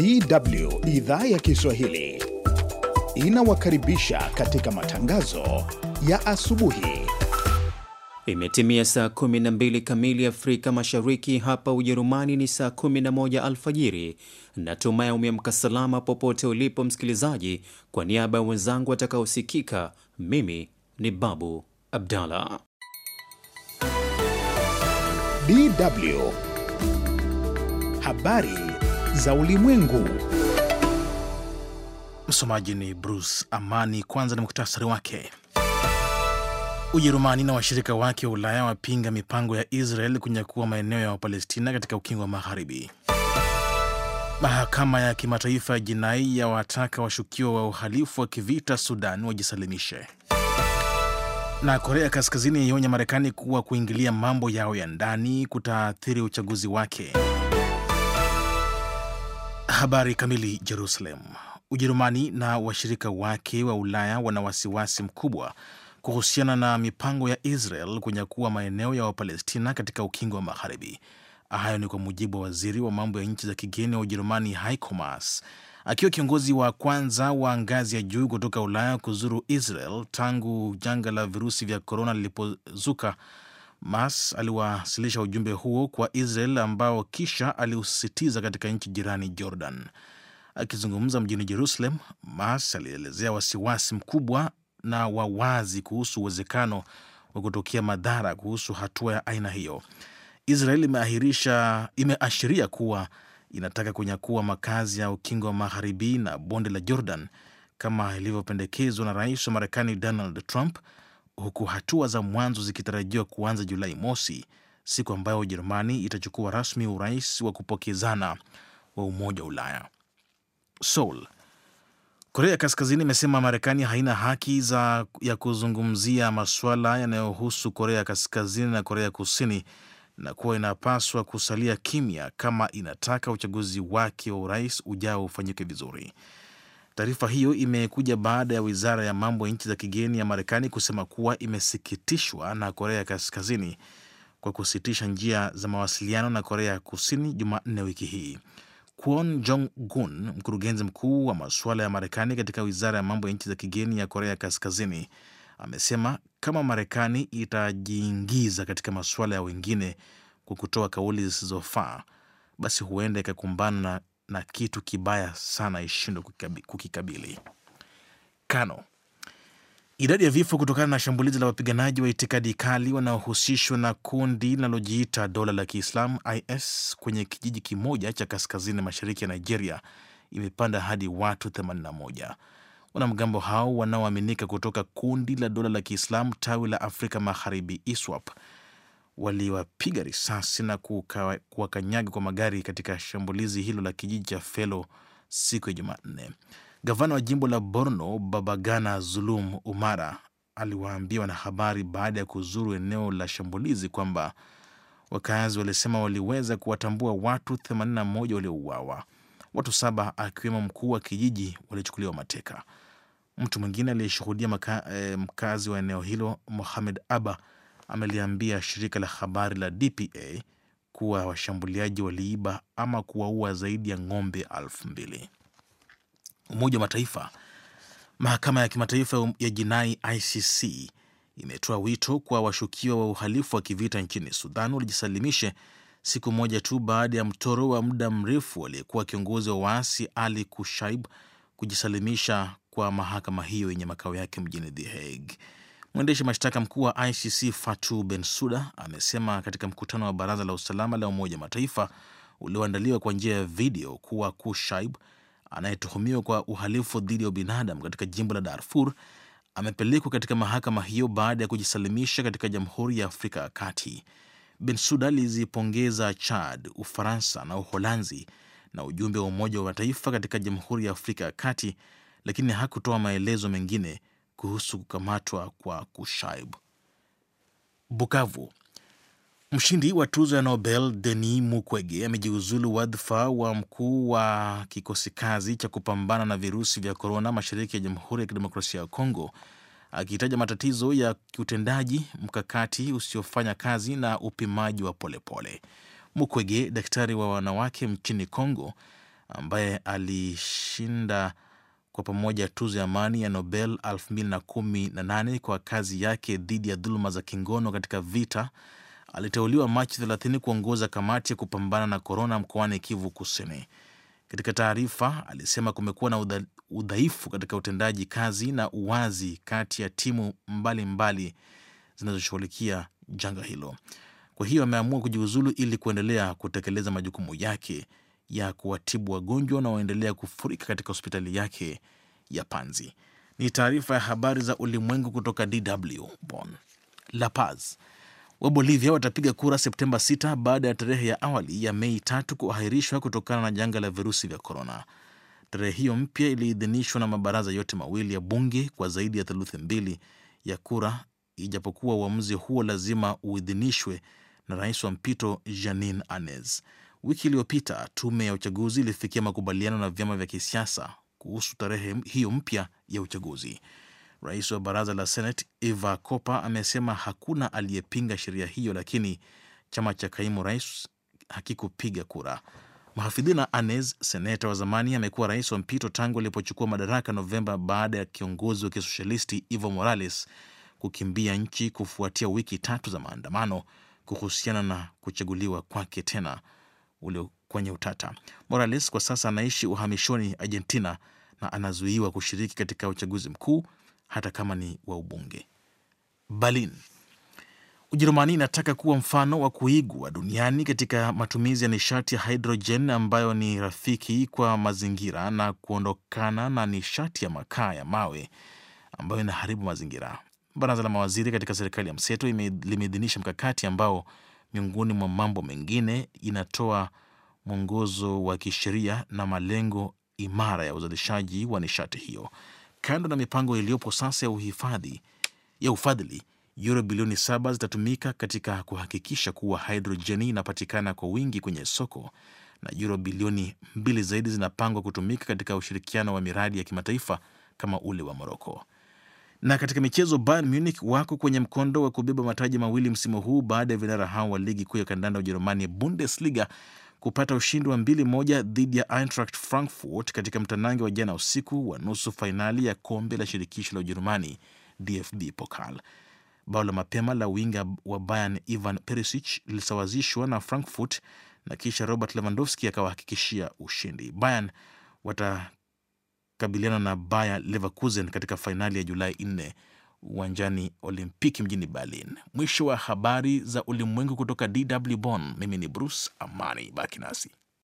DW idhaa ya Kiswahili inawakaribisha katika matangazo ya asubuhi. Imetimia saa 12 kamili Afrika Mashariki, hapa Ujerumani ni saa 11 alfajiri. Natumaya umeamka salama popote ulipo msikilizaji. Kwa niaba ya wenzangu watakaosikika, mimi ni Babu Abdallah. DW habari za ulimwengu. Msomaji ni Bruce Amani. Kwanza ni muktasari wake. Ujerumani na washirika wake wa Ulaya wapinga mipango ya Israel kunyakua maeneo ya Wapalestina katika ukingo wa Magharibi. Mahakama ya kimataifa ya jinai yawataka washukiwa wa uhalifu wa kivita Sudan wajisalimishe. Na Korea Kaskazini yaionya Marekani kuwa kuingilia mambo yao ya ndani kutaathiri uchaguzi wake. Habari kamili. Jerusalem. Ujerumani na washirika wake wa Ulaya wana wasiwasi mkubwa kuhusiana na mipango ya Israel kunyakua maeneo ya Wapalestina katika ukingo wa Magharibi. Hayo ni kwa mujibu wa waziri wa mambo ya nchi za kigeni wa Ujerumani Heiko Maas akiwa kiongozi wa kwanza wa ngazi ya juu kutoka Ulaya kuzuru Israel tangu janga la virusi vya korona lilipozuka Mas aliwasilisha ujumbe huo kwa Israel ambao kisha aliusisitiza katika nchi jirani Jordan. Akizungumza mjini Jerusalem, Mas alielezea wasiwasi mkubwa na wawazi kuhusu uwezekano wa kutokea madhara kuhusu hatua ya aina hiyo. Israel imeahirisha imeashiria kuwa inataka kunyakua makazi ya ukingo wa magharibi na bonde la Jordan kama ilivyopendekezwa na rais wa Marekani Donald Trump huku hatua za mwanzo zikitarajiwa kuanza Julai mosi, siku ambayo Ujerumani itachukua rasmi urais wa kupokezana wa Umoja wa Ulaya. Seoul. Korea Kaskazini imesema Marekani haina haki za ya kuzungumzia masuala yanayohusu Korea Kaskazini na Korea Kusini na kuwa inapaswa kusalia kimya kama inataka uchaguzi wake wa urais ujao ufanyike vizuri. Taarifa hiyo imekuja baada ya wizara ya mambo ya nchi za kigeni ya Marekani kusema kuwa imesikitishwa na Korea Kaskazini kwa kusitisha njia za mawasiliano na Korea Kusini Jumanne wiki hii. Kwon Jong-gun, mkurugenzi mkuu wa masuala ya Marekani katika wizara ya mambo ya nchi za kigeni ya Korea Kaskazini, amesema kama Marekani itajiingiza katika masuala ya wengine kwa kutoa kauli zisizofaa, basi huenda ikakumbana na na kitu kibaya sana ishindwe kukikabili. Kano, idadi ya vifo kutokana na shambulizi la wapiganaji wa itikadi kali wanaohusishwa na kundi linalojiita dola la Kiislamu IS kwenye kijiji kimoja cha kaskazini mashariki ya Nigeria imepanda hadi watu 81. Wanamgambo hao wanaoaminika kutoka kundi la dola la Kiislamu tawi la Afrika Magharibi ISWAP waliwapiga risasi na kuwakanyaga kwa magari katika shambulizi hilo la kijiji cha Felo siku ya Jumanne. Gavana wa jimbo la Borno Babagana Zulum Umara aliwaambia wanahabari baada ya kuzuru eneo la shambulizi kwamba wakazi walisema waliweza kuwatambua watu 81 waliouawa. Watu saba akiwemo mkuu wa kijiji walichukuliwa mateka. Mtu mwingine aliyeshuhudia eh, mkazi wa eneo hilo Mohamed Aba ameliambia shirika la habari la DPA kuwa washambuliaji waliiba ama kuwaua zaidi ya ng'ombe elfu mbili. Umoja wa Mataifa. Mahakama ya Kimataifa ya Jinai ICC imetoa wito kwa washukiwa wa uhalifu wa kivita nchini Sudan walijisalimishe siku moja tu baada ya mtoro wa muda mrefu aliyekuwa kiongozi wa waasi Ali Kushaib kujisalimisha kwa mahakama hiyo yenye makao yake mjini The Hague. Mwendesha mashtaka mkuu wa ICC Fatu Bensuda amesema katika mkutano wa baraza la usalama la Umoja wa Mataifa ulioandaliwa kwa njia ya video kuwa Kushaib anayetuhumiwa kwa uhalifu dhidi ya ubinadamu katika jimbo la Darfur amepelekwa katika mahakama hiyo baada ya kujisalimisha katika Jamhuri ya Afrika ya Kati. Bensuda alizipongeza Chad, Ufaransa na Uholanzi na ujumbe wa Umoja wa Mataifa katika Jamhuri ya Afrika ya Kati, lakini hakutoa maelezo mengine kuhusu kukamatwa kwa Kushaib. Bukavu. Mshindi wa tuzo ya Nobel Denis Mukwege amejiuzulu wadhifa wa mkuu wa kikosi kazi cha kupambana na virusi vya korona mashariki ya Jamhuri ya Kidemokrasia ya Kongo, akihitaja matatizo ya kiutendaji, mkakati usiofanya kazi na upimaji wa polepole. Mukwege, daktari wa wanawake nchini Kongo, ambaye alishinda kwa pamoja tuzo ya amani ya Nobel 2018 kwa kazi yake dhidi ya dhuluma za kingono katika vita. Aliteuliwa Machi 30 kuongoza kamati ya kupambana na korona mkoani Kivu Kusini. Katika taarifa alisema kumekuwa na udhaifu katika utendaji kazi na uwazi kati ya timu mbalimbali zinazoshughulikia janga hilo. Kwa hiyo ameamua kujiuzulu ili kuendelea kutekeleza majukumu yake ya kuwatibu wagonjwa wanaoendelea kufurika katika hospitali yake ya Panzi. Ni taarifa ya habari za ulimwengu kutoka DW Bonn. La Paz Wabolivia watapiga kura Septemba 6 baada ya tarehe ya awali ya Mei tatu kuahirishwa kutokana na janga la virusi vya korona. Tarehe hiyo mpya iliidhinishwa na mabaraza yote mawili ya bunge kwa zaidi ya theluthi mbili ya kura, ijapokuwa uamuzi huo lazima uidhinishwe na rais wa mpito Janin Anez. Wiki iliyopita tume ya uchaguzi ilifikia makubaliano na vyama vya kisiasa kuhusu tarehe hiyo mpya ya uchaguzi. Rais wa baraza la Senate Eva Kopa amesema hakuna aliyepinga sheria hiyo, lakini chama cha kaimu rais hakikupiga kura. Mahafidhina Anes, seneta wa zamani, amekuwa rais wa mpito tangu alipochukua madaraka Novemba baada ya kiongozi wa kisoshalisti Evo Morales kukimbia nchi kufuatia wiki tatu za maandamano kuhusiana na kuchaguliwa kwake tena ulio kwenye utata. Morales kwa sasa anaishi uhamishoni Argentina na anazuiwa kushiriki katika uchaguzi mkuu hata kama ni wa ubunge. Berlin. Ujerumani inataka kuwa mfano wa kuigwa duniani katika matumizi ya nishati ya hidrojen ambayo ni rafiki kwa mazingira na kuondokana na nishati ya makaa ya mawe ambayo inaharibu mazingira. Baraza la mawaziri katika serikali ya mseto limeidhinisha mkakati ambao miongoni mwa mambo mengine, inatoa mwongozo wa kisheria na malengo imara ya uzalishaji wa nishati hiyo. Kando na mipango iliyopo sasa ya uhifadhi ya ufadhili, yuro bilioni saba zitatumika katika kuhakikisha kuwa hidrojeni inapatikana kwa wingi kwenye soko na yuro bilioni mbili zaidi zinapangwa kutumika katika ushirikiano wa miradi ya kimataifa kama ule wa Moroko. Na katika michezo Bayern Munich wako kwenye mkondo wa kubeba mataji mawili msimu huu baada ya vinara hao wa ligi kuu ya kandanda Ujerumani Bundesliga kupata ushindi wa mbili moja dhidi ya Eintracht Frankfurt katika mtanange wa jana usiku wa nusu fainali ya kombe la shirikisho la Ujerumani DFB Pokal. Bao la mapema la winga wa Bayern Ivan Perisic lilisawazishwa na Frankfurt na kisha Robert Lewandowski akawahakikishia ushindi. Bayern wata kabiliana na Bayer Leverkusen katika fainali ya Julai 4 uwanjani Olimpiki mjini Berlin. Mwisho wa habari za ulimwengu kutoka DW Bonn. Mimi ni Bruce Amani, baki nasi.